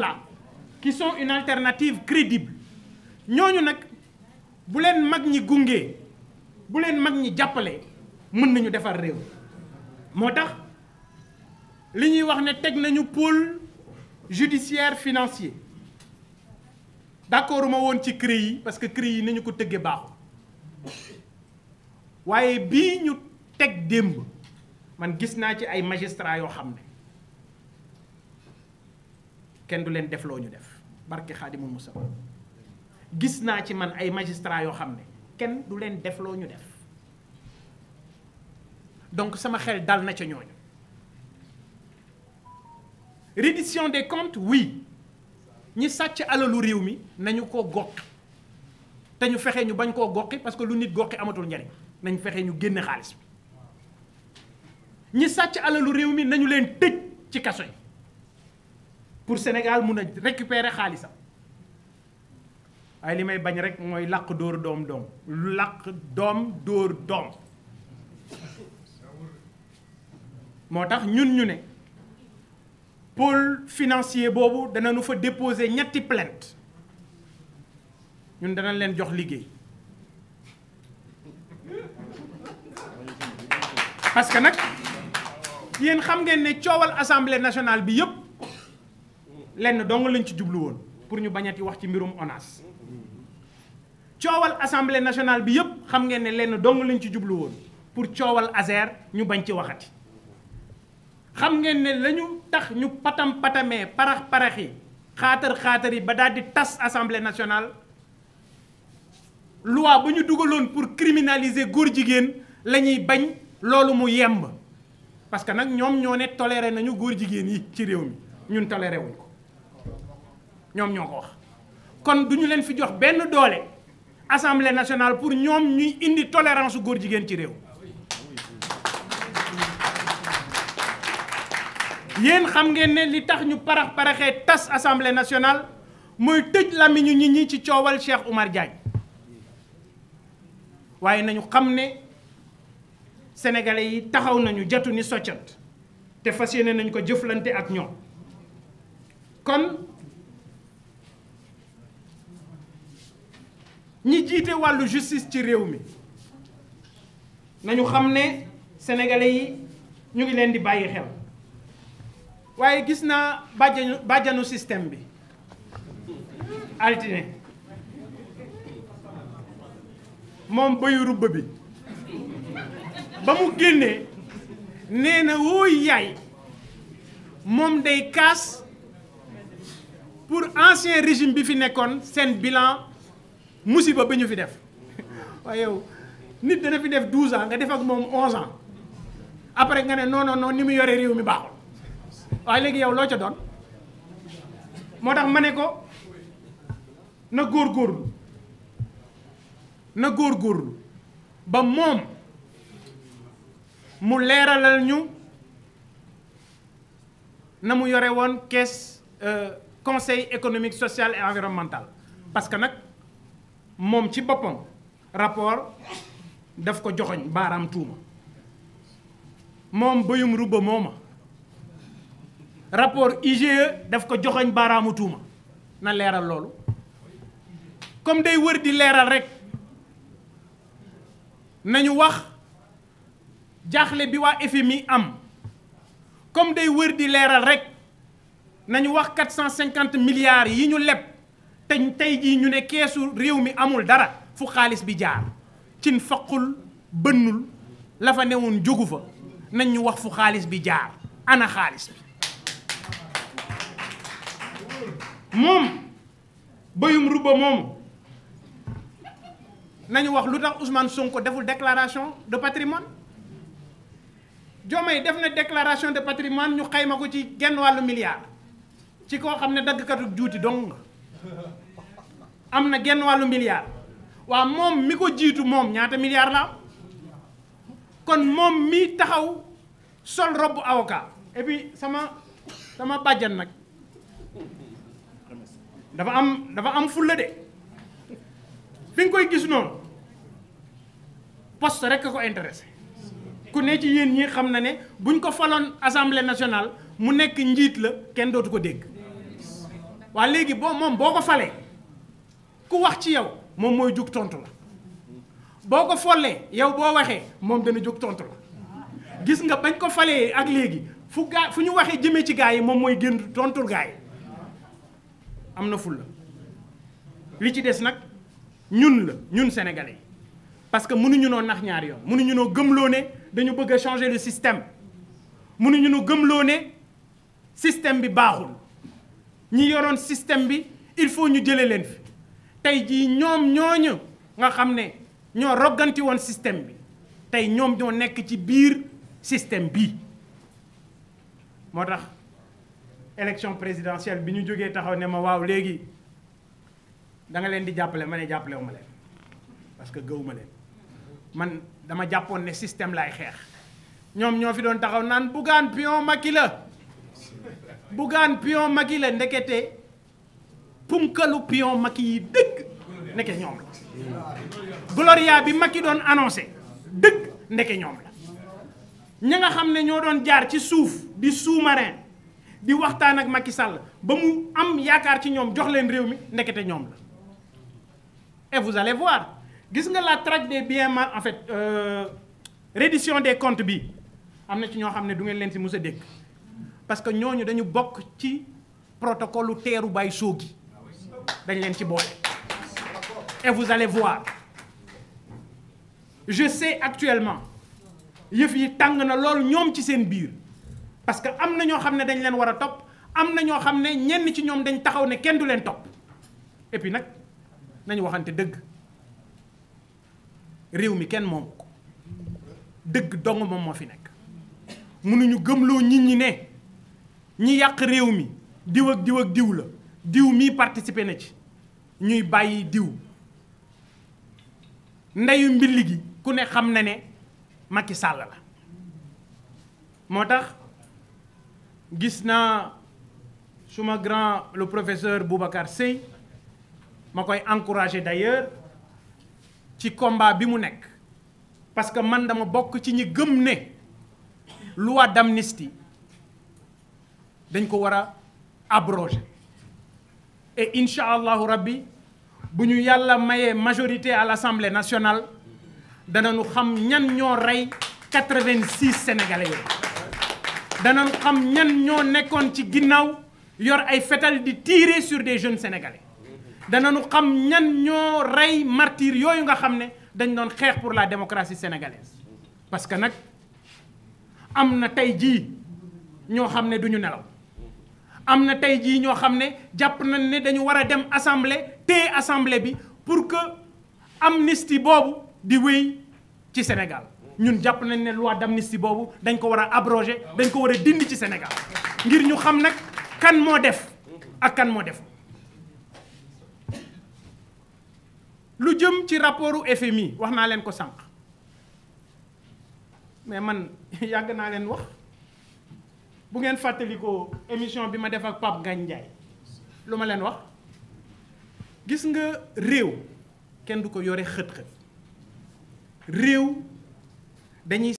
là ki son une alternative crédible ñooñu nag buleen mag ñi gunge bu leen mag ñi jàppale mën nañu defar réew moo tax li ñuy wax ne teg nañu pôle judiciaire financier d'accord ma woon ci CREI yi parce que CREI yi nañu ko tëggee baaxul waaye bii ñu teg démb man gis naa ci ay magistrats yoo xam ne kenn du leen def loo ñu def barke xaadimul Mustafa gis naa ci man ay magistrat yoo xam ne kenn du leen def loo ñu def donc sama xel dal na ca ñooñu reddition des comptes oui ñi sàcc alalu réew mi nañu ko goqi te ñu fexe ñu bañ koo goqi parce que lu nit goqi amatul njariñ nañ fexee ñu génn xaalis bi ñi sàcc alalu réew mi nañu leen tëj ci kaso yi pour Sénégal mun a récupérer xaalisa waaye li may bañ rek mooy làq dóor doom doom làq doom dóor doom moo tax ñun ñu ne pôle financier boobu dana nu fa déposer ñetti plainte ñun dana leen jox liggéey parce que nag yéen xam ngeen ne coowal assemblée nationale bi yëpp lenn dong lañ ci jublu woon pour ñu bañati wax ci mbirum ONAS coowal assemblée nationale bi yëpp xam ngeen ne lenn dong lañ ci jublu woon pour coowal ASER ñu bañ ci waxati xam ngeen ne lañu tax ñu patam patamee parax paraxi xaatar xaatar yi ba daal di tas assemblée nationale loi ba ñu dugaloon pour criminaliser góor jigéen la ñuy bañ loolu mu yemb parce que nag ñoom ñoo ne toléré nañu góor jigéen yi ci réew mi ñun toléré wuñ ko ñoom ñoo ko wax kon du ñu leen fi jox benn doole assemblée nationale pour ñoom ñuy indi tolérance góor jigéen ci réew yéen xam ngeen ne li tax ñu parax paraxee tas assemblée nationale mooy tëj làmmiñu ñi ñi ci coowal Cheikh Oumar Diagne waaye nañu xam ne sénégalais yi taxaw nañu jatu ni soccat te fas yéene nañ ko jëflante ak ñoom kon ñi jiite wàllu justice ci réew mi nañu xam ne sénégalais yi ñu ngi leen di bàyyi xel waaye gis naa bàjjanu bàjjanu système bi altine moom bëyu rubb bi ba mu génnee nee na yaay moom day kaas pour ancien régime bi fi nekkoon seen bilan musiba bi ñu fi def waaye yow nit dana fi def 12 ans nga def moom 11 ans après nga ne non non non ni mu yore réew mi baaxul waaye léegi yow loo ca doon moo tax ma ne ko na góor góorgóorlu na góor góorgóorlu ba moom mu leeralal ñu na mu yore woon caisse euh, conseil économique social et environnemental parce que nag. moom ci boppam rapport daf ko joxoñ baaraam tuuma moom bayum ruba mooma rapport IGE daf ko joxoñ baaraamu tuuma na leeral loolu comme day wër di leeral rek nañu wax jaaxle bi waa mi am comme day wër di leeral rek nañu wax 450 milliards yi ñu leb te tey jii ñu ne keesu réew mi amul dara fu xaalis bi jaar cin faqul bënnul la fa newoon jógu fa nañ ñu wax fu xaalis bi jaar ana xaalis bi moom bayum ruba moomu nañu wax lu tax Ousmane Sonko deful déclaration de patrimoine Diomaye def na déclaration de patrimoine ñu xayma ko ci genn wàllu milliard ci koo xam ne daggkatu juuti dong am na genn wàllu milliard waa moom mi ko jiitu moom ñaata milliard la kon moom mi taxaw sol robu avocat et sama sama bàjjan nag dafa am dafa am fulla de fi nga koy gis noonu poste rek a ko intéressé ku ne ci yéen ñi xam na ne buñ ko faloon assemblée nationale mu nekk njiit la kenn dootu ko dégg waa léegi boo moom boo ko falee ku wax ci yow moom mooy jug tontu la boo ko follee yow boo waxee moom dana jóg tontu la gis nga bañ ko falee ak léegi fu gaa fu ñu waxee jëmee ci gaa yi moom mooy génn tontul gaa yi am na ful li ci des nag ñun la ñun sénégalais yi parce que mënuñu noo nax ñaari yoon mënuñu noo gëmloo ne dañu bëgg a changer le système munuñu noo gëmloo ne système bi baaxul ñi yoroon système bi il faut ñu jëlee leen fi. tey jii ñoom ñooñu nga xam ne ñoo rogganti woon système bi tey ñoom ñoo nekk ci biir système bii moo tax élection présidentielle bi ñu jógee taxaw ne ma waaw léegi da leen di jàppale ma ne jàppalewu ma leen parce que gëwuma leen man dama jàppoon ne système laay xeex ñoom ñoo fi doon taxaw naan Bougane pion Macky la Bougane pion Macky la ndekete punkalu pion Macky yi dëgg ndeke ñoom la gloria bi Macky doon annoncé dëgg ndeke ñoom la ña nga xam ne ñoo doon jaar ci suuf di sous di waxtaan ak Macky sàll ba mu am yaakaar ci ñoom jox leen réew mi ndekete ñoom la et vous allez voir gis nga la traque des biens en fait euh, reddition des comptes bi am na ci ñoo xam ne du ngeen leen si mus a dégg parce que ñooñu dañu bokk ci protocole teeru bay soogi dañ leen ci boole et vous allez voir je sais actuellement yëf yi tàng na loolu ñoom ci seen biir parce que am na ñoo xam ne dañ leen war a topp am na ñoo xam ne ñenn ci ñoom dañ taxaw ne kenn du leen topp et nag nañu waxante dëgg réew mi kenn moomu ko dëgg dong moom moo fi nekk mënuñu gëmloo nit ñi ne ñi yàq réew mi diw ak diw ak diw la diw mii participer na ci ñuy bàyyi diw ndeyu mbilli gi ku ne xam na ne Macky Sall la moo tax gis naa suma grand le professeur Boubacar Seye ma koy encourager d'ailleurs ci combat bi mu nekk parce que man dama bokk ci ñi gëm ne loi d'amnistie dañ ko war a abroger et incha allahu rabbi bu ñu yàlla mayee majorité à l'Assemblée nationale danañu xam ñan ñoo rey 86 sénégalais yooyu danañu xam ñan ñoo nekkoon ci ginnaaw yor ay fetal di tirer sur des jeunes dana nu xam ñan ñoo rey martyr yooyu nga xam ne dañ doon xeex pour la démocratie sénégalaise parce que nag am na tey jii ñoo xam ne duñu nelaw am na tey jii ñoo xam ne jàpp nañ ne dañu war a dem assemblée téye assemblée bi pour que am nisti boobu di wéy ci Sénégal ñun jàpp nañ ne loi d'amnistie boobu dañ ko war a abroger dañ ko war a dindi ci Sénégal ngir ñu xam nag kan moo def ak kan moo def lu jëm ci rapportu FMI wax naa leen ko sànq mais man yàgg naa leen wax. bu ngeen fàttalikoo émission bi ma def ak Pape Ngagne Ndiaye lu ma leen wax gis nga réew kenn du ko yore xët-xët réew dañuy